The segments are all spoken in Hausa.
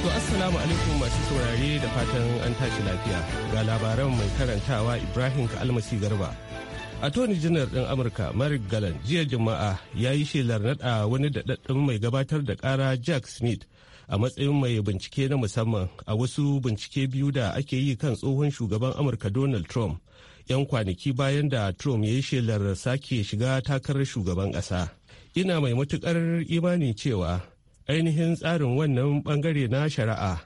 To assalamu alaikum masu saurare da fatan an tashi lafiya ga labaran mai karantawa Ibrahim Kalmasi Garba. Attorney General ɗin Amurka Merrick jiya Juma'a ya yi shelar naɗa wani daɗaɗɗen mai gabatar da ƙara Jack Smith a matsayin mai bincike na musamman a wasu bincike biyu da ake yi kan tsohon shugaban Amurka Donald Trump 'yan kwanaki bayan da Trump ya yi shelar sake shiga takarar shugaban ƙasa. Ina mai matukar imani cewa ainihin tsarin wannan bangare na shari'a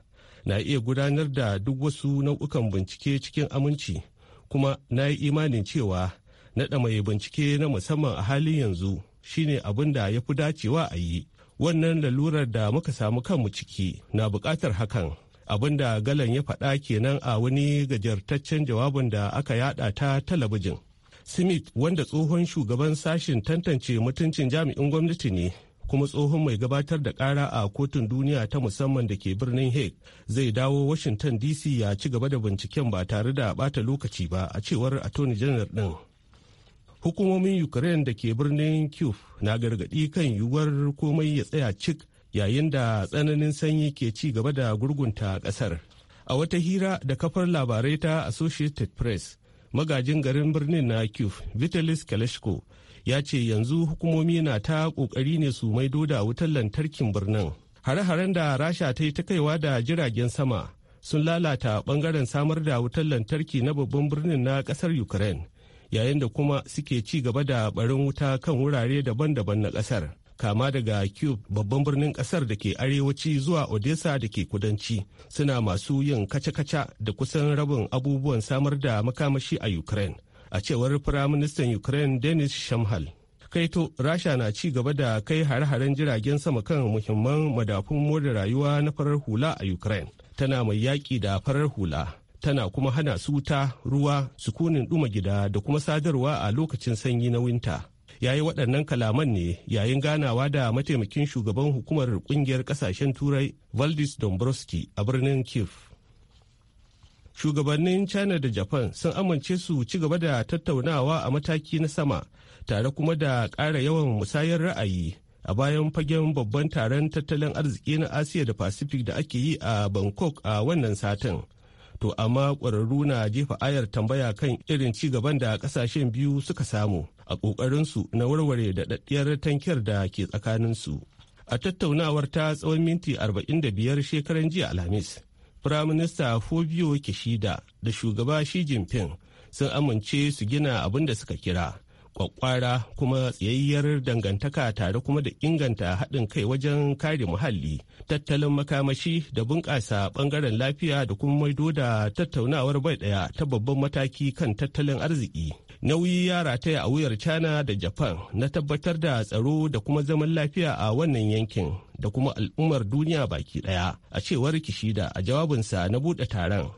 na iya gudanar da duk wasu nau'ukan bincike cikin aminci kuma na yi imanin cewa naɗa mai bincike na musamman a halin yanzu shine abin da ya fi dacewa a yi wannan lalurar da muka samu kanmu ciki na buƙatar hakan abin da galan ya faɗa kenan a wani gajartaccen jawabin da aka yada ta talabijin smith wanda tsohon shugaban sashen tantance mutuncin jami'in gwamnati ne kuma tsohon mai gabatar da kara a kotun duniya ta musamman da ke birnin hague zai dawo washington dc ya ci gaba da binciken ba tare da bata lokaci ba a cewar attorney general din hukumomin ukraine da ke birnin kyiv na gargadi kan yiwuwar komai ya tsaya cik yayin da tsananin sanyi ke ci gaba da gurgunta kasar a wata hira da kafar labarai ta associated press magajin garin birnin na kyiv vitalis kalashko ya ce yanzu hukumomi na ta ƙoƙari ne su maido da wutar lantarkin birnin hare-haren da rasha ta yi ta kaiwa da jiragen sama sun lalata bangaren samar da wutar lantarki na babban birnin na ƙasar ukraine yayin da kuma suke ci gaba da barin wuta kan wurare daban-daban na ƙasar. kama daga cube babban birnin kasar da ke arewaci zuwa odessa da ke kudanci suna masu yin kaca-kaca da kusan rabin abubuwan samar da makamashi a ukraine a cewar firaministan ukraine denis shamhal kaito rasha na ci gaba da kai hare-haren jiragen sama kan muhimman madafun more rayuwa na farar hula a ukraine tana mai yaƙi da farar hula tana kuma hana su ta ruwa sukunin duma gida da kuma sadarwa a lokacin sanyi na winta yayi waɗannan kalaman ne yayin ganawa da mataimakin shugaban hukumar ƙungiyar ƙasashen turai valdis dombrowski a birnin kiev shugabannin china da japan sun amince su ci gaba da tattaunawa a mataki na sama tare kuma da ƙara yawan musayar ra'ayi a bayan fagen babban taron tattalin arziki na asiya da pacific da ake yi a bangkok a wannan satin to amma ƙwararru na jefa ayar tambaya kan irin ci gaban da ƙasashen biyu suka samu a ƙoƙarinsu na warware da daɗaɗɗiyar tankiyar da ke tsakaninsu a tattaunawar ta tsawon minti 45 shekaran jiya alhamis firaminista fobio kishida da shugaba shi jinping sun amince su gina abin da suka kira kwakwara kuma tsayayyar dangantaka tare kuma da inganta haɗin kai wajen kare muhalli tattalin makamashi da bunƙasa ɓangaren lafiya da kuma maido da tattaunawar bai ɗaya ta babban mataki kan tattalin arziki nauyi ya rataya a wuyar china da japan na tabbatar da tsaro da kuma zaman lafiya a wannan yankin da kuma al'ummar duniya baki daya a cewar kishida a jawabinsa na bude taron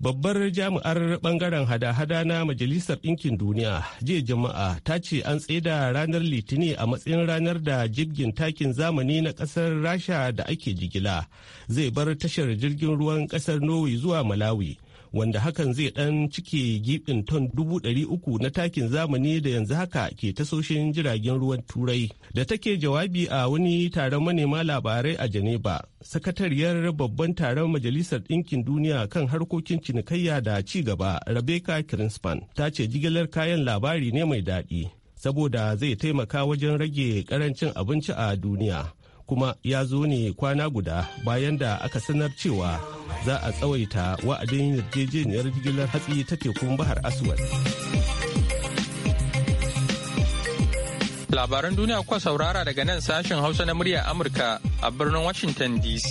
babbar jami'ar bangaren hada-hada na majalisar ɗinkin duniya jiya jama'a ta ce an tsaida ranar litini a matsayin ranar da jirgin takin zamani na ƙasar rasha da ake jigila zai bar tashar jirgin ruwan ƙasar norway zuwa malawi wanda hakan zai ɗan cike gibin ton dubu ɗari uku na takin zamani da yanzu haka ke tasoshin jiragen ruwan turai da take jawabi a wani taron manema labarai a geneva sakatariyar babban taron majalisar ɗinkin duniya kan harkokin cinikayya da ci gaba rebecca crispin ta ce jigilar kayan labari ne mai daɗi saboda zai taimaka wajen rage ƙarancin abinci a duniya kuma ya zo ne kwana guda bayan da aka sanar cewa za a tsawaita wa'adin yarjejeniyar jigilar hatsi ta tekun bahar aswad labaran duniya kuwa saurara daga nan sashen hausa na murya amurka a birnin washington dc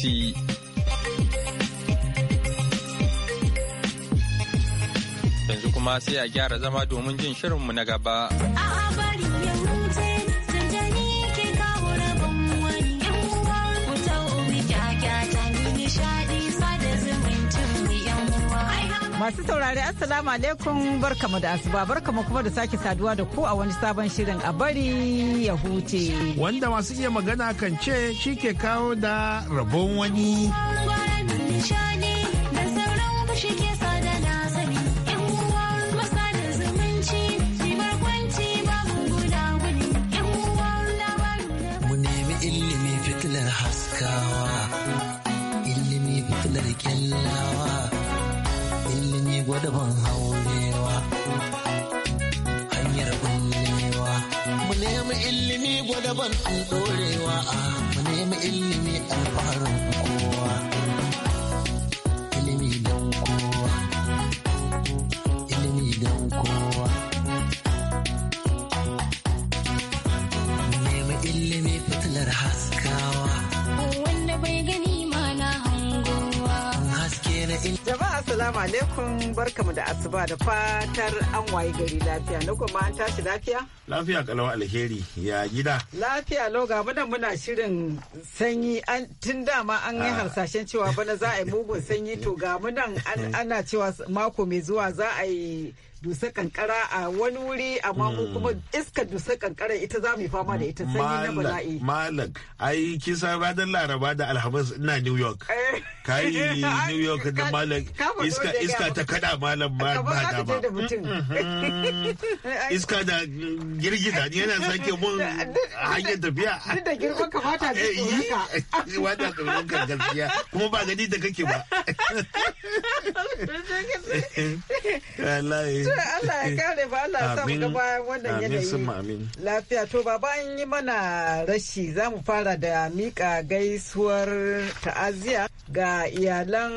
yanzu kuma sai a gyara zama domin jin shirinmu na gaba. Masu saurari Assalamu alaikum barkamu da asuba barkamu kuma da sake saduwa da ku a wani sabon shirin a bari ya huce. Wanda masu iya magana kan ce shi ke kawo da rabon wani. Mu nemi ilimi fitilar haskawa, ilimi fitilar kyallawa. ilimi gwadabin haurewa hanyar bullewa mu nemi ilimi gwadabin alɗorewa mu nemi ilimi alfaharin kowa Assalamu alaikum barkamu da asuba da fatar an waye gari lafiya. Na kuma an tashi lafiya? Lafiya kalawa alheri ya gida. Lafiya lau ga bana muna shirin sanyi tun dama an yi ah. harsashen cewa bana za a yi mugun sanyi to ga munan ana cewa mako mai zuwa za a yi Dusa kankara a wani wuri amma mu kuma mm. iskar dusa kankara ita za mu fama da ita sanyi na bala'i malak ai kin ba dan laraba da alhamis ina new york eh. kai new york da malak iska iska ta kada malam ba da ba mm-hmm. iska da girgiza ni yana sake mun hanyar tafiya duk da girman kamata da haka eh, wata tsoron ka gaskiya kuma ba gani da kake ba wallahi Allah ya kare ba Allah sa mu gaba wannan yanayi. Lafiya to baba an yi mana rashi za mu fara da mika gaisuwar ta'aziya ga iyalan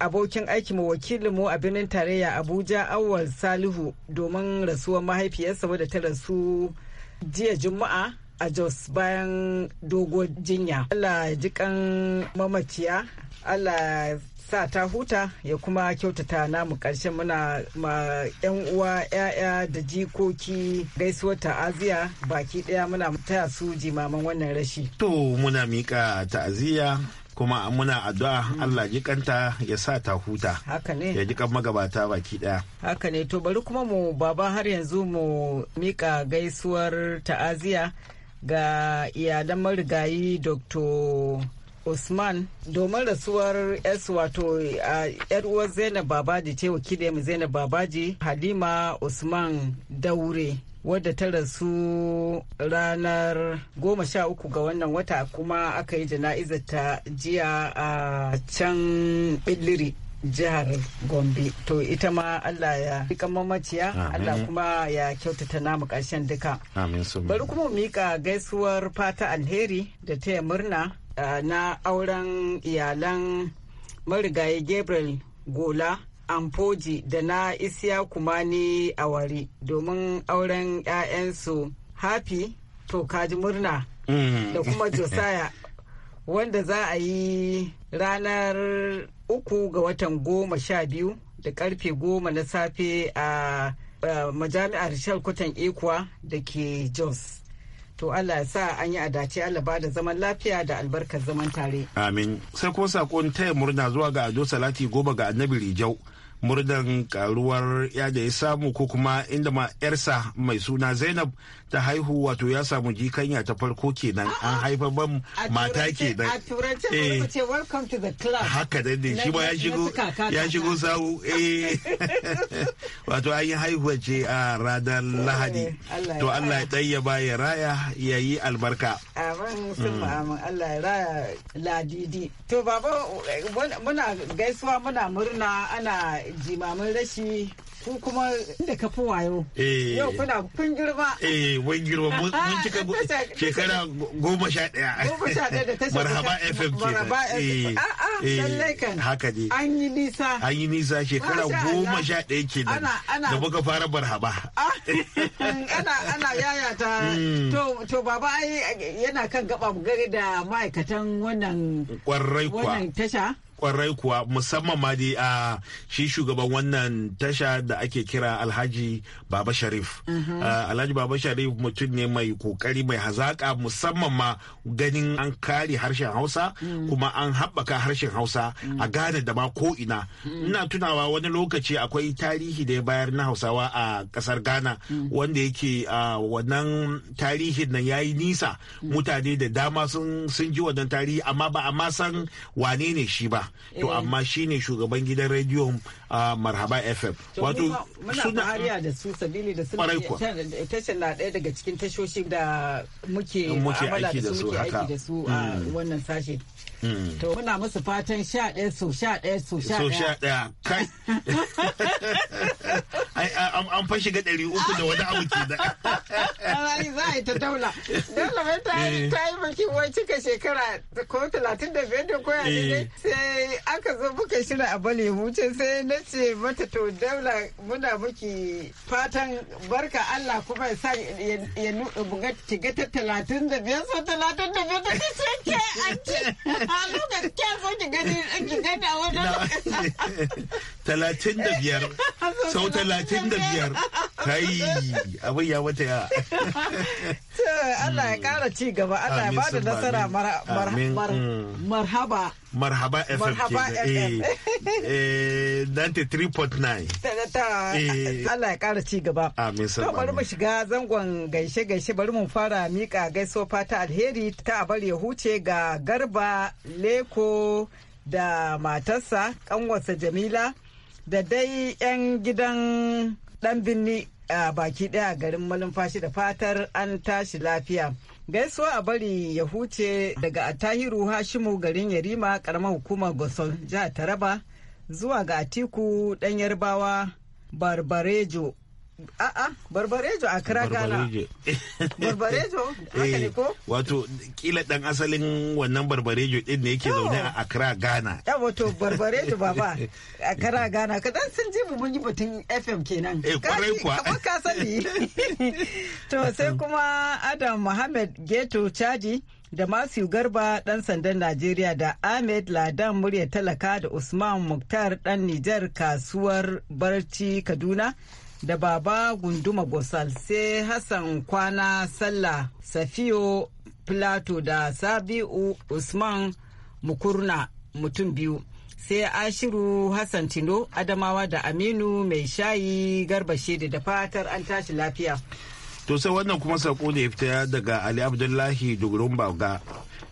abokin aiki mu wakilin mu a birnin tarayya Abuja Awwal Salihu domin rasuwar mahaifiyarsa wadda ta rasu jiya Juma'a a Jos bayan dogon jinya. Allah ya ji kan mamaciya Allah sa ta huta ya kuma kyautata namu ƙarshen muna ma 'yan uwa 'ya'ya da jikoki gaisuwar ta'aziya baki ɗaya muna taya su jimaman wannan rashi. To muna mika ta'aziya kuma muna addu'a mm. Allah jikanta ya sa ta huta. Haka ne. Ya jikan magabata baki daya. Haka ne to bari kuma mu baba har yanzu mu mika gaisuwar ta'aziya ga iyalan marigayi Dr. usman domin rasuwar s wato yar uwar zainab babaji ce wakiliyar mu zainab babaji halima usman daure wadda ta rasu ranar goma sha uku ga wannan wata kuma aka yi jana'izar ta jiya a can billiri jihar gombe to ita ma allah ya kamar mamaciya allah kuma ya kyautata namu ƙarshen duka bari kuma mika gaisuwar fata alheri da taya murna Eh, na auren iyalan marigayi gabriel gola amfoji da na isiya kumani awari domin auren 'ya'yansu hafi to kaji murna mm. da kuma josiah wanda za a yi ranar uku ga watan goma sha biyu da karfe goma na safe a eh, majami'ar shalkutan ikuwa da ke jos to Allah ya sa an yi adace Allah ba da zaman lafiya da albarkar zaman tare amin sai ko sakon taya murna zuwa ga Ado Salati Goba ga Annabi Rijau murdan karuwar ya da ya samu ko kuma inda ma yarsa mai suna zainab ta haihu wato ya samu jikanya ta farko kenan an haifa ban mata kenan a turance eh, ce welcome to the club haka dai ne shi ba ya shigo ya shigo sawu eh wato an yi haihuwa ce a ranar eh, lahadi to Allah ya tayyaba ya raya ya yi albarka amin mm. sun Allah ya raya ladidi to baba muna gaisuwa muna murna ana jimamin rashi ku kuma inda ka fi wayo. Eh. Yau kuna kun girma. Eh, wai girma mun cika shekara goma sha ɗaya. Goma sha ɗaya da Marhaba FM ke. Marhaba FM. Eh. Ah, ah, eh, lallai Haka ne. An yi nisa. An yi nisa shekara goma sha ɗaya ke nan. Da muka fara marhaba. Ah, ana ana yayata. Hmm. To to baba ai yana kan gaba gari da ma'aikatan wannan. Kwarai kwa. Wannan tasha. kwarai kuwa musamman ma dai a shi shugaban wannan tasha da ake kira alhaji baba sharif mhm. alhaji baba sharif mutum ne mai kokari mai hazaka musamman ma ganin an kare harshen hausa mm. kuma an haɓaka harshen hausa a mm. ghana da ma ko ina mm. ina tunawa wani lokaci akwai tarihi da ya bayar na hausawa a ƙasar ghana wanda yake wannan tarihin nan ya yi nisa mutane da dama sun ji wannan tarihi amma ba a ma san wane ne shi ba to eh. amma shine shugaban gidan rediyon marhaba fm wato suna hariya da su sabili da suna tashar na ɗaya daga cikin tashoshi da muke amala da su muke aiki da su a hmm. wannan sashe Mm. To muna musu fatan sha ɗaya su sha ɗaya su sha ɗaya. So sha ɗaya kai. An fa shiga ɗari uku da wani abu ke da. Za a yi ta daula. Daula bai ta yi eh. maki wai cika shekara ko talatin da biyar da koya ne eh. sai aka zo muka shirya a bale huce sai na ce mata to daula muna muki fatan barka Allah kuma ya sa ya buga ga ta talatin da biyar so talatin da biyar da ta ce ke an ce. talatin da biyar sau talatin da biyar kai abin ya wata ya Allah ya kara ci gaba Allah ya bada nasara mm. marhaba marhaba ff eh dante eh, 3.9 eh. Allah ya kara ci gaba amin to bari mu shiga zangon gaishe gaishe bari mu fara mika gaiso fata alheri ta abar ya huce ga garba leko da matarsa kanwarsa jamila da dai 'yan gidan dan binni a baki daya garin malumfashi da fatar an tashi lafiya gaisuwa a bari ya huce daga atahiru hashimu garin yarima karamar hukumar goson jihar taraba zuwa ga atiku dan yarbawa barbarejo A'a, barbarejo a kira gana. Barbarejo, haka ne eh, ko? Wato, kila ɗan asalin wannan barbarejo ɗin ne yake zaune a Accra, Ghana. Ya wato, barbarejo baba, a kira Ghana. Ka dan sun ji mun yi batun FM kenan. Eh, kwarai kuwa. Kamar ka sani. To, sai kuma Adam Mohammed Geto Chaji. da Masu Garba ɗan sandan Najeriya da Ahmed Ladan murya talaka da Usman Muktar ɗan Nijar kasuwar Barci Kaduna da baba gunduma gosal sai hassan kwana sallah safiyo plato da sabi'u usman mukurna mutum biyu sai ashiru hassan tino adamawa da aminu mai shayi garba shedi da fatar an tashi lafiya to sai wannan kuma sako da ya fita daga ali abdullahi dugurin bauga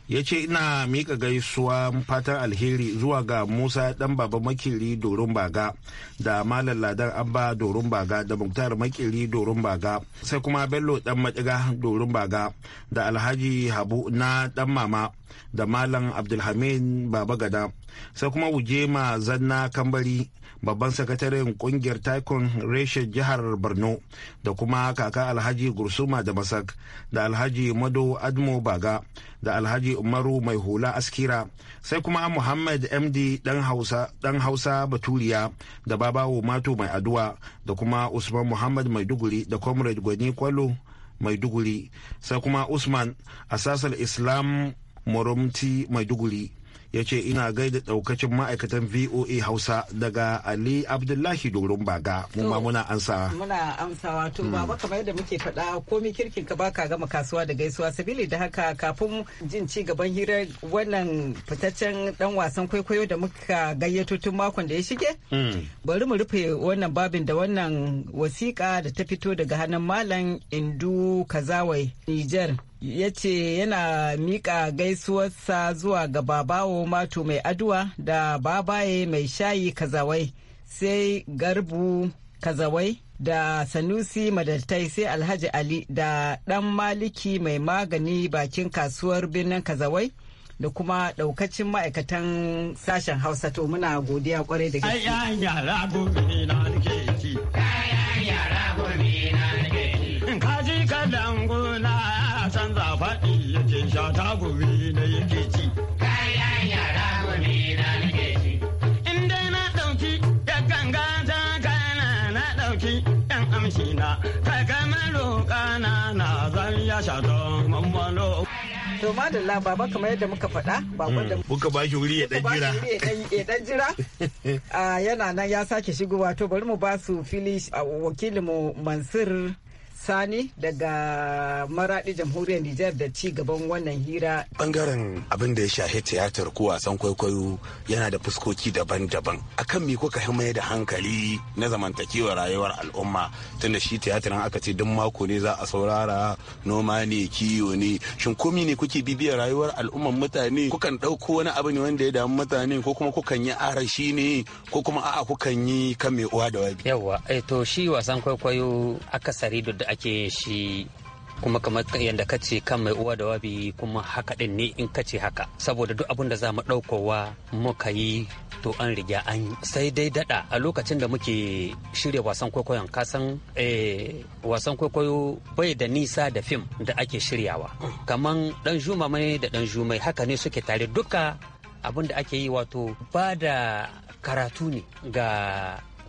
ya ce ina mika gaisuwa fatan alheri zuwa ga musa dan baba makiri doron baga da malam ladan abba dorin baga da muktar makiri dorun baga sai kuma bello dan madiga dorun baga da alhaji habu na dan mama da malam abdulhamin baba gada sai kuma wujema zanna kambari babban sakataren kungiyar taikon reshen jihar borno da kuma kaka alhaji gursuma da masak da alhaji mado admo baga da alhaji umaru mai hula askira sai kuma muhammad md dan hausa baturiya da babawo mato mai aduwa da kuma usman muhammad maiduguri da comrade gwani kwallo maiduguri sai kuma usman a sasar islam moromti maiduguri ya ce ina gaida daukacin ma'aikatan voa hausa daga ali abdullahi doron baga mu ma muna ansa muna amsawa to hmm. ba kamar yadda muke faɗa komi kirkin ka baka gama kasuwa da gaisuwa sabili da haka kafin jin ci gaban hirar wannan fitaccen dan wasan kwaikwayo da muka gayyato tun makon da ya shige hmm. bari mu rufe wannan babin da wannan wasiƙa da ta fito daga hannun malam indu kazawai nijar. ya ce yana miƙa gaisuwarsa zuwa ga babawo mato mai aduwa da babaye mai shayi kazawai sai garbu kazawai da sanusi madaltai sai alhaji ali da dan maliki mai magani bakin kasuwar birnin kazawai da kuma ɗaukacin ma'aikatan sashen hausa to muna godiya kwarai da gaske kamshi na ta gamaro na zan ya shato mamalo. To madalla baba kamar yadda muka faɗa bakon da hmm, muka ba shi wuri ya dan jira. Ya dan jira. Ah, yana nan ya sake shigowa to bari mu ba su fili ah, mu Mansur Sani daga Maradi Jamhuriyar Nijar da ci gaban wannan hira. Bangaren abin da ya shafi tiyatar ko wasan kwaikwayo yana da fuskoki daban-daban. Akan me kuka mai da hankali na zamantakewar rayuwar al'umma tunda shi tiyatarin aka ce duk mako ne za a saurara noma ne kiwo ne shin komi ne kuke bibiyar rayuwar al'umman mutane kukan ɗauko wani abu ne wanda ya damu mutane ko kuma kukan yi arashi ne ko kuma a'a kukan yi kan mai uwa da wabi. Yawwa, eh to shi wasan kwaikwayo akasari da ake shi kuma kamar yadda ka ce kan mai uwa da wabi kuma haka din ne in ka ce haka saboda duk abin da za mu ɗaukowa muka yi to an riga an yi sai dai daɗa a lokacin da muke shirya wasan kwaikwayon kasan eh, wasan kwaikwayo bai da nisa da fim da ake shiryawa kaman ɗan juma mai da dan jumai haka ne suke tare duka abin da ake yi wato ba da karatu ne ga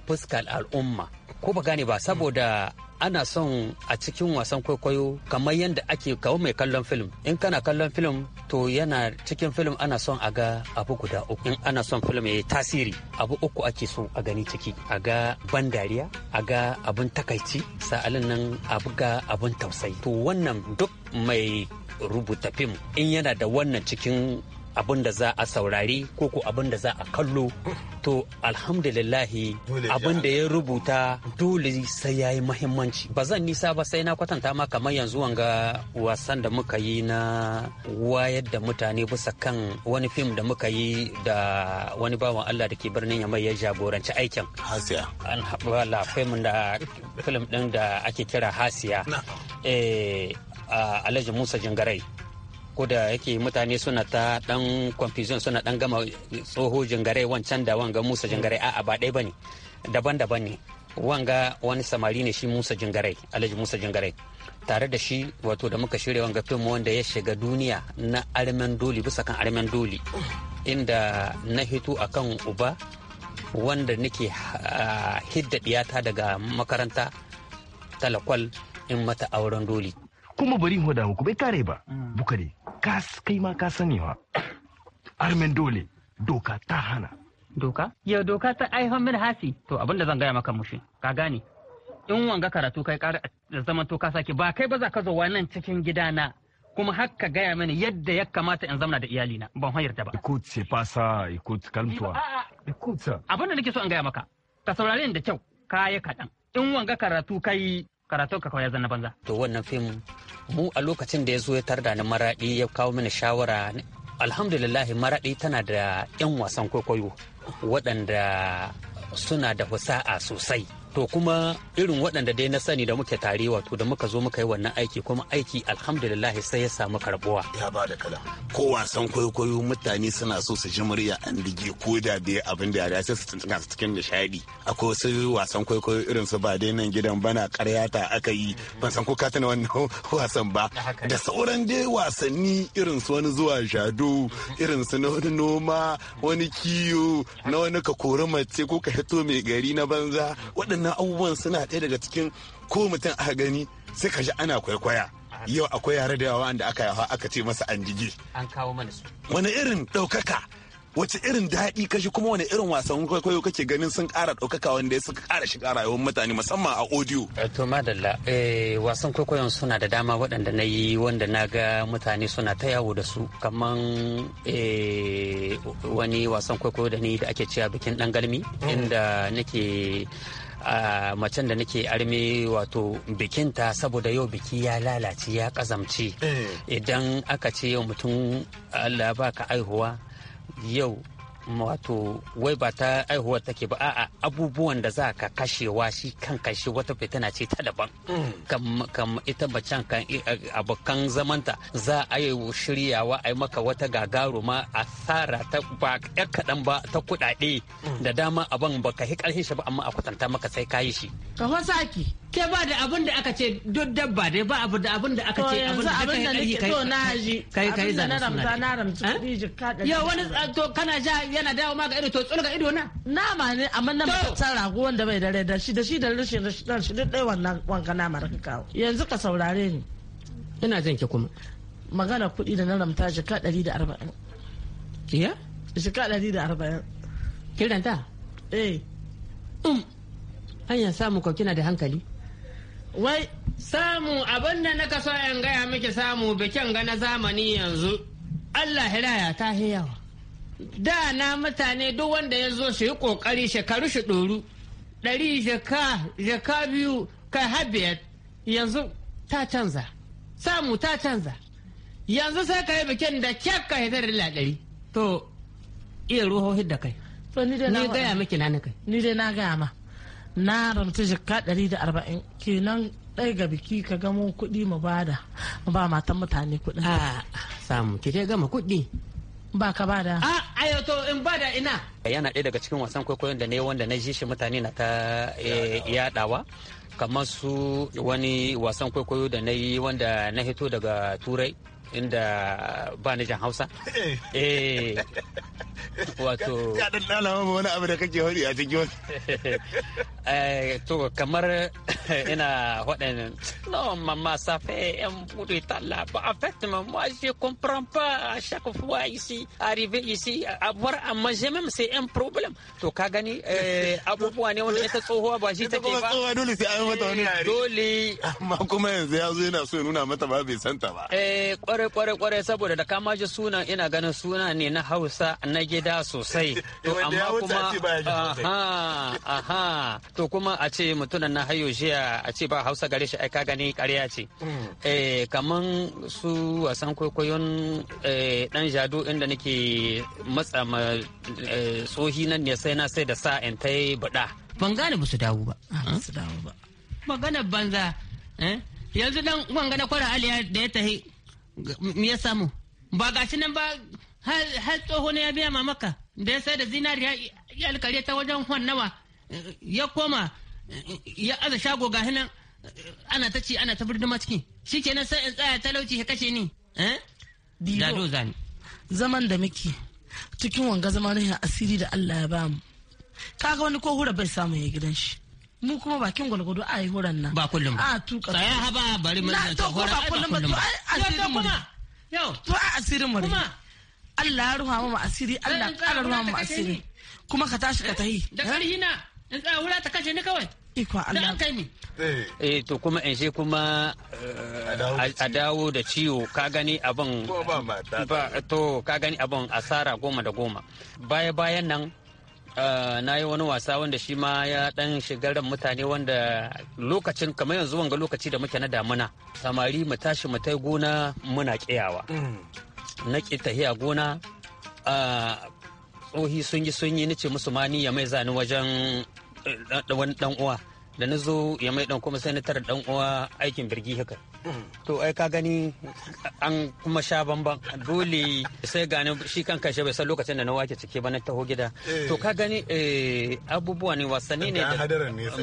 fuskar al'umma ko ba gane ba saboda ana son a cikin wasan kwaikwayo kamar yadda ake kawo mai kallon film in kana kallon film to yana cikin film ana son a ga abu guda uku in ana son film ya yi tasiri abu uku ake so a gani ciki a ga ban dariya a ga abun takaici sa'alin nan abu ga abun tausayi to wannan duk mai rubuta fim in yana da wannan cikin abin da za a saurari ko ko abin da za a kallo to alhamdulillahi abin da ya rubuta dole sai ya yi mahimmanci ba zan nisa ba sai na kwatanta ma kamar yanzu wanga wasan da muka yi na wayar da mutane bisa kan wani fim da muka yi da wani bawan Allah da ke birnin yamai ya jagoranci aikin hasiya an haɓala fim da film ɗin da ake kira hasiya eh Alhaji Musa Jingarai ko da yake mutane suna ta dan confusion suna dan gama tsoho jingare wancan da wanga musa jingare a'a ba ɗaya bane daban-daban ne wanga wani samari ne shi musa jingare alhaji musa jingare tare da shi wato da muka shirya wanga fim wanda ya shiga duniya na armen doli bisa kan armen doli inda na hito akan uba wanda nake ah, hidda diyata daga makaranta talakwal in mata auren doli kuma bari hoda muku bai kare ba mm. bukari kai ma ka sani wa armen dole doka ta hana doka yau doka ta aihon min hasi to abinda zan gaya maka mushi ka gane in wanga karatu kai da zaman to ka sake ba kai ba za ka zo nan cikin gidana kuma har ka gaya mini yadda ya kamata in zamna da iyalina ban hanyar da ba ikut se pasa ikut kalmtuwa ikut abinda nake so in gaya maka ka saurare ni da kyau kaya kaɗan in wanga karatu kai karatu ka kawai zanna banza. To wannan fim mu a lokacin da ya zo ya tarda ni maraɗi ya kawo mini shawara alhamdulillah maraɗi tana da 'yan wasan kwaikwayo waɗanda suna da husa'a sosai to kuma irin waɗanda dai na sani da muke tare wato da muka zo muka yi wannan aiki kuma aiki alhamdulillah sai ya samu karbuwa ya ba da kala ko wasan kwaikwayo mutane suna so su ji murya an dige ko da dai abin da ya sai su tuntuka su cikin nishadi akwai wasu wasan kwaikwayo irin su ba dai nan gidan bana karyata aka yi ban san ko ka tana wannan wasan ba da sauran dai wasanni irin su wani zuwa shado irin su na wani noma wani kiyo na wani ka kori mace ko ka hito mai gari na banza waɗannan waɗannan abubuwan suna ɗaya daga cikin ko mutum aka gani sai ka ana kwaikwaya yau akwai yare da yawa da aka yawa aka ce masa an jige an kawo mana su wani irin ɗaukaka wace irin daɗi kashi kuma wani irin wasan kwaikwayo kake ganin sun ƙara ɗaukaka wanda ya suka ƙara shiga rayuwar mutane musamman a audio. Eh, to madalla eh, wasan kwaikwayon suna da dama waɗanda na yi wanda na ga mutane suna ta yawo da su kamar eh, wani wasan kwaikwayo da ni da ake cewa bikin ɗan galmi mm. inda nake a macen da nake arme wato bikinta saboda yau biki ya lalace ya kazamci eh. idan aka ce yau mutum allah baka aihuwa yau wato wai ba ta aihuwar take ba a abubuwan da za ka kashewa shi kan kashe wata fitina ce ta daban kam ita bacan kan abokan zamanta za a yi shiryawa a yi maka wata gagaruma tsara ta ba kaɗan ba ta kuɗaɗe da dama abin ba ka ƙarfin shi ba amma a kwatanta maka sai ka yi shi ka saki ke ba da abin da aka ce duk dabba dai ba abu da abin da aka ce abin da kai kai kai kai kai zana suna kai kai na kai kai kai kai kai kai kai kana kai yana dawo ma ga ido to tsulga ido na nama ne amma na mutuntar rago wanda bai da da shi da shi da rashin da shi da wannan wanka nama ka kawo yanzu ka saurare ni ina jin ki kuma magana kuɗi da na ramta jika 140 iya jika 140 kiranta eh mm. hanya samu ko kina da hankali wai samu abin da naka so in gaya miki samu bikin ga na zamani yanzu allah hiraya ta yawa da na mutane duk wanda ya zo su yi kokari shekaru shi ɗoru ɗari jaka biyu kai habiyar yanzu ta canza samu ta canza yanzu sai ka yi bikin da kyakka ya zara ɗari to iya ruhohin da kai to ni dai na gaya miki na kai ni dai na gaya ma na ramta jaka ɗari da arba'in kenan ɗaya ga biki ka gamo kuɗi mu bada mu ba matan mutane kuɗin a ah, samu ki dai gama kuɗi ba ka bada a ayo in bada ina yana ɗaya daga cikin wasan kwaikwayon da ne wanda na ji shi mutane na ta eh, yadawa kamar su wani wasan kwaikwayo da na yi wanda na hito daga turai inda ba ni jan hausa eh, eh. wato ya dan ba wani abu da kake hori a cikin eh to kamar ina waɗannan no mama ça en un bout de la là en fait moi je comprends pas à chaque fois ici arriver ici avoir à manger même c'est un problème to ka gani eh, abubuwa ne wanda ita tsohuwa ba shi take ba tsohuwa dole sai an mata wani eh, dole amma kuma yanzu ya zo yana so ya nuna mata ba bai santa ba eh kwarai kwarai kwarai saboda da kama ji sunan ina ganin suna ne na Hausa na gida sosai to amma kuma aha aha to kuma a ce mutunan na hayo jiya a ce ba Hausa gare shi ai ka gani ƙarya ce mm. eh kaman su wasan kwaikwayon dan eh, jado inda nake matsa ma eh, tsohi nan ne sai na sai da sa in ta yi bada ban gane ba su dawo ba ah, su dawo ba magana banza eh? yanzu dan wanga na kwara aliya da ya tahi me ya samu ba shi nan ba har tsoho ne ya biya ma maka da ya sai da zinariya ya alkare ta wajen hon nawa ya koma ya aza shago ga nan ana ta ci ana ta birdima ciki shikenan sai in tsaya talauci ya kashe ni eh? dado zani zaman da muke cikin wanga zama ne asiri da Allah ya bamu kaga wani ko hura bai samu ya gidan shi mu kuma bakin gwalgwado a yi horon nan ba kullum ba a tuka tsaya haba bari mun ta horon ba kullum ba to a asirin mu yau to a asirin mu kuma Allah ya ruha mu asiri Allah ya ruha mu asiri kuma ka tashi ka tahi da karhi na in tsaya wula ta kashe ni kawai Ikwa Allah. Da an kai ni. Eh to kuma in sai kuma a dawo da ciwo ka gani abin Ko ba ma ta. to ka gani abin asara goma da goma. Baya bayan nan Eh, na yi wani wasa wanda shi ma ya dan shigaran mutane wanda lokacin kamar yanzu wanga lokaci da muke na damuna samari mu tashi mu tai gona muna kiyawa mm. na ki tahiya gona eh, tsohi sun yi sun yi ni ce musu mani ya mai zani wajen wani eh, dan uwa da na zo ya mai dan kuma sai na tara dan uwa aikin birgi haka to ai ka gani an kuma sha bamban dole sai gani shi kan kashe bai san lokacin da na wake cike ba na taho gida to ka gani eh, abubuwa ne wasanni ne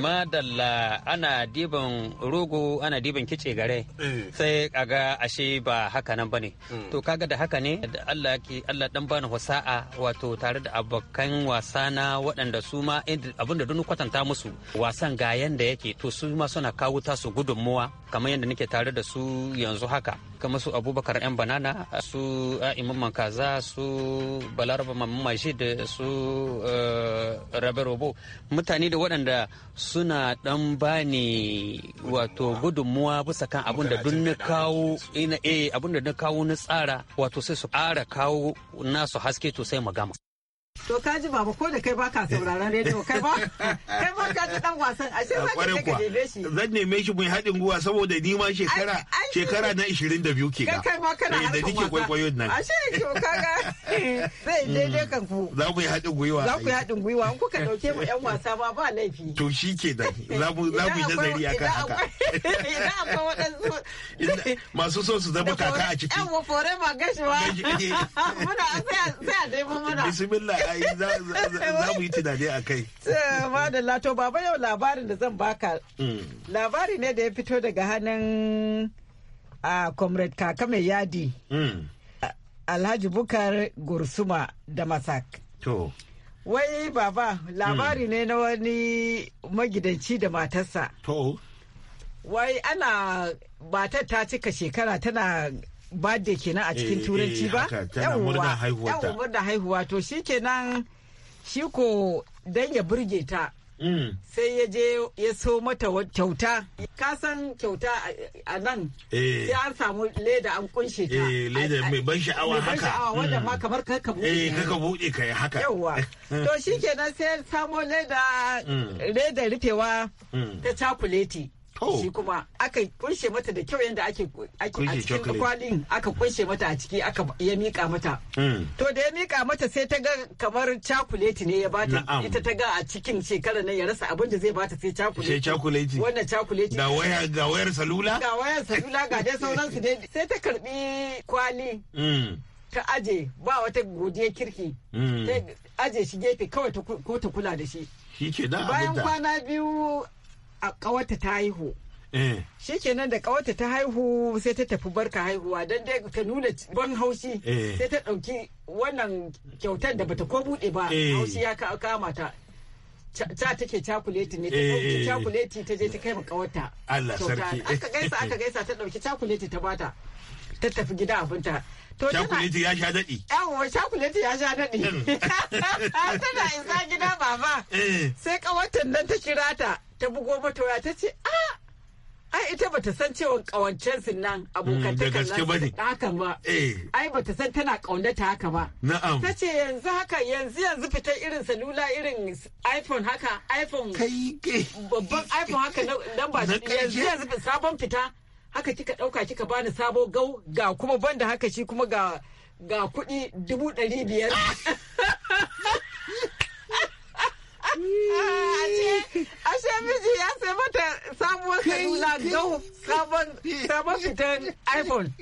madalla ana diban rogo ana diban kice gare eh. sai kaga ashe ba haka nan bane hmm. to kaga da haka ne Allah yake Allah dan bani wasa'a wato tare da abokan wasa na waɗanda su ma abinda duk kwatanta musu wasan ga yanda yake to su ma suna kawo tasu gudunmuwa kamar yadda nake tare da su yanzu haka kamar su abubakar yan banana su imam kaza su balaraba mamman da su eh, rabe robo mutane da waɗanda suna ɗan bani wato gudunmuwa bisa kan abin da duk eh, na kawo na tsara wato sai su ƙara kawo nasu haske to sai mu gama To ka ji baba ko da kai baka eh. sauraron rediyo kai ba kai ba ka ji dan wasan ashe za ka neme shi. Zan neme shi mun haɗin guwa saboda ni ma shekara shekara na 22 ke ga. Kai ma kana eh, harkar wasa. Da nake kwaikwayo nan. Ashe to kaga zai daidai mm. kan ku. Za mu yi haɗin gwiwa. Za ku yi haɗin gwiwa in kuka dauke mu yan wasa ba ba laifi. To shi ke da za mu za mu yi nazari akan haka. Ina akwai waɗansu. Masu so su zama kaka a ciki. Yan wa forever gashiwa. Muna sai bismillah ai za mu yi tunani a kai eh, madalla to baba yau labarin da zan baka hmm. labari ne da ya fito daga hannun a comrade kaka mai yadi hmm. alhaji bukar gursuma da masak to wai baba labari hmm. ne na wani magidanci da matarsa to wai ana matar ta cika shekara tana birthday kenan a eh, cikin eh, turanci ba yawwa yawwa haihuwa to shi kenan shi ko dan ya burge ta mm. sai ya je ya so mata kyauta ka san kyauta a nan eh. sai an samu leda an kunshe ta leda mai ban sha'awa haka mai ban sha'awa wanda mm. ma kamar ka ka buɗe eh ka buɗe haka yawwa to shikenan sai samo leda mm. leda rufewa ta cakuleti Oh. shi kuma aka kunshe mata da kyau yadda ake a cikin kwalin aka kunshe mata a ciki aka ya mika mata hmm. to da ya mika mata sai ta ga kamar cakuleti ne ya bata ita ta ga a cikin shekara nan ya rasa abin da zai bata sai cakuleti sai cakuleti wannan cakuleti ga waya ga wayar salula ga wayar salula ga dai sauransu dai sai ta karbi kwali hmm. ta aje ba wata godiya kirki hmm. ta aje shi gefe kawai ko ta kula da shi bayan kwana biyu a ƙawarta ta haihu eh. shi kenan da ƙawarta ta haihu sai ta tafi barka haihuwa don dai ta nuna ban haushi eh. sai ta ɗauki wannan kyautar da bata ko buɗe ba eh. haushi ya kama ta ta take cakuleti ne ta ɗauki cakuleti ta je ta kai ma ƙawarta Allah sarki aka gaisa aka gaisa ta ɗauki cakuleti ta bata ta tafi gida abinta Cakuleti ya sha daɗi. Yawon cakuleti ya sha daɗi. Mm. Tana isa gida baba. Sai kawatan nan ta kira ta. ta bugo mata waya ta ce a ah, ai ita bata san cewa kawancen sun nan abokan ta kallon haka ba eh. ai bata san tana kaunata haka ba na'am ta ce yanzu haka yanzu yanzu fita irin salula irin iphone haka iphone babban iphone haka nan ba yanzu yanzu sabon fita haka kika dauka kika bani sabo gau ga kuma banda haka shi kuma ga ga kuɗi dubu ɗari biyar Ashe miji ya sai mata sabuwar salula don sabon fitan iPhone.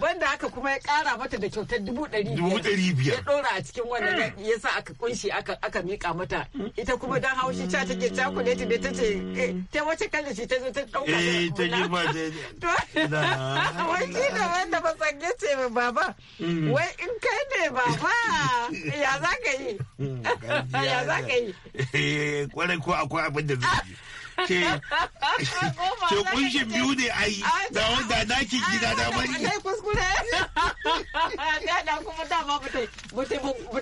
banda haka kuma ya kara mata da kyautar dubu ɗari biyar ya ɗora a cikin wannan mm. ya sa aka kunshi aka miƙa mata ita kuma dan haushi ca take cakuleti ne ta ce eh, ta wace kalli shi ta zo ta ɗauka Ta eh, ta girma ta wai shi da wanda ba sange ce ba baba mm. wai in kai ne baba ya za ka yi mm, ya za ka yi eh, kwarai ko akwai abin da zai yi ke ke kunshin biyu ne ai da wanda naki gida da bari kuskure da kuma da ba bata bata bata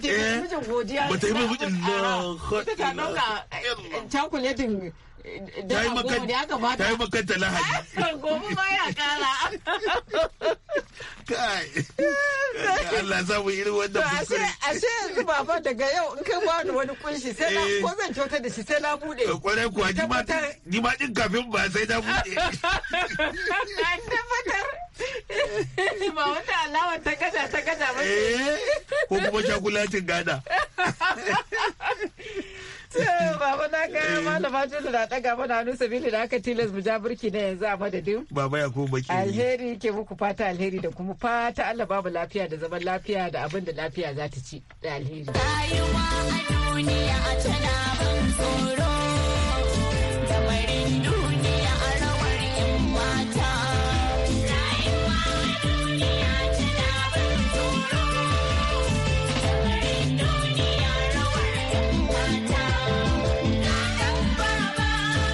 eh, mijin godiya bata yi mijin na hot ta dauka chocolatin ta yi eh, eh, makanta lahadi gobe ma ya kara kai Allah za mu yi wannan kuskure ashe yanzu baba daga yau in kai ba wani wani kunshi sai na ko zan kyauta da shi sai na bude kwarai kuwa ni ma din kafin ba sai na bude tabbatar Eh, ba wata alawar ta gada ta gada ba eh, ko kuma shagulacin gada eh, Baba na ga malama Jula na daga mana hannu sabili da aka tilas mu ja burki na yanzu a madadin. Baba ya kuma baki. Alheri ke muku fata alheri da kuma fata Allah babu lafiya da zaman lafiya da abin da lafiya za ta ci da alheri. Rayuwa a duniya tana ban tsoro.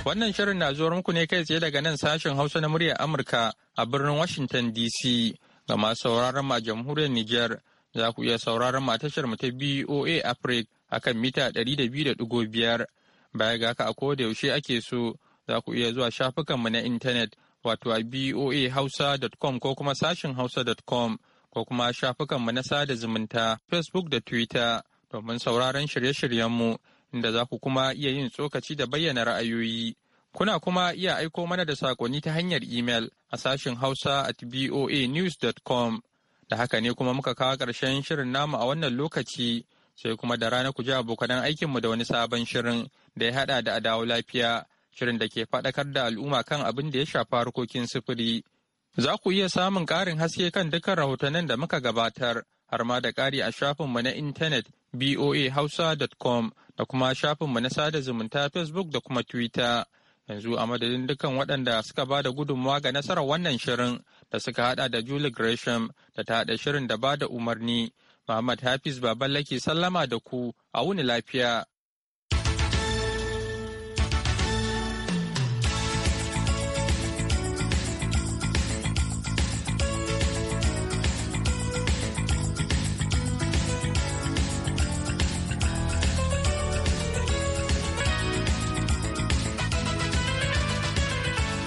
Wannan shirin na zuwa muku ne kai tsaye daga nan sashen Hausa na muryar Amurka a birnin Washington DC ga masu sauraron ma jamhuriyar Nijar za ku iya sauraron ma tashar mu ta BOA Africa akan mita 200.5 baya ga haka a koda yaushe ake so za ku iya zuwa shafukan mu na intanet wato a boahausa.com ko kuma sashin hausa.com ko kuma mu na sada zumunta facebook da twitter domin sauraron shirye shiryen mu inda za ku kuma iya yin tsokaci da bayyana ra'ayoyi. Kuna kuma iya aiko mana da saƙonni ta hanyar imel a sashen Hausa at voanews.com. Da haka ne kuma muka kawo ƙarshen shirin namu a wannan lokaci, sai kuma da rana ku ji abokanan aikinmu da wani sabon shirin da ya haɗa da adawo lafiya, shirin da ke faɗakar da al'umma kan abin da ya shafi harkokin sufuri. Za ku iya samun ƙarin haske kan dukkan rahotannin da muka gabatar, har ma da ƙari a shafinmu na intanet boahausa.com da kuma shafinmu na sada zumunta facebook da kuma twitter yanzu a madadin dukkan waɗanda suka ba da gudunmawa ga nasarar wannan shirin da suka hada da julie gresham da ta haɗa shirin da ba da umarni muhammad hafiz baballake sallama da ku a wuni lafiya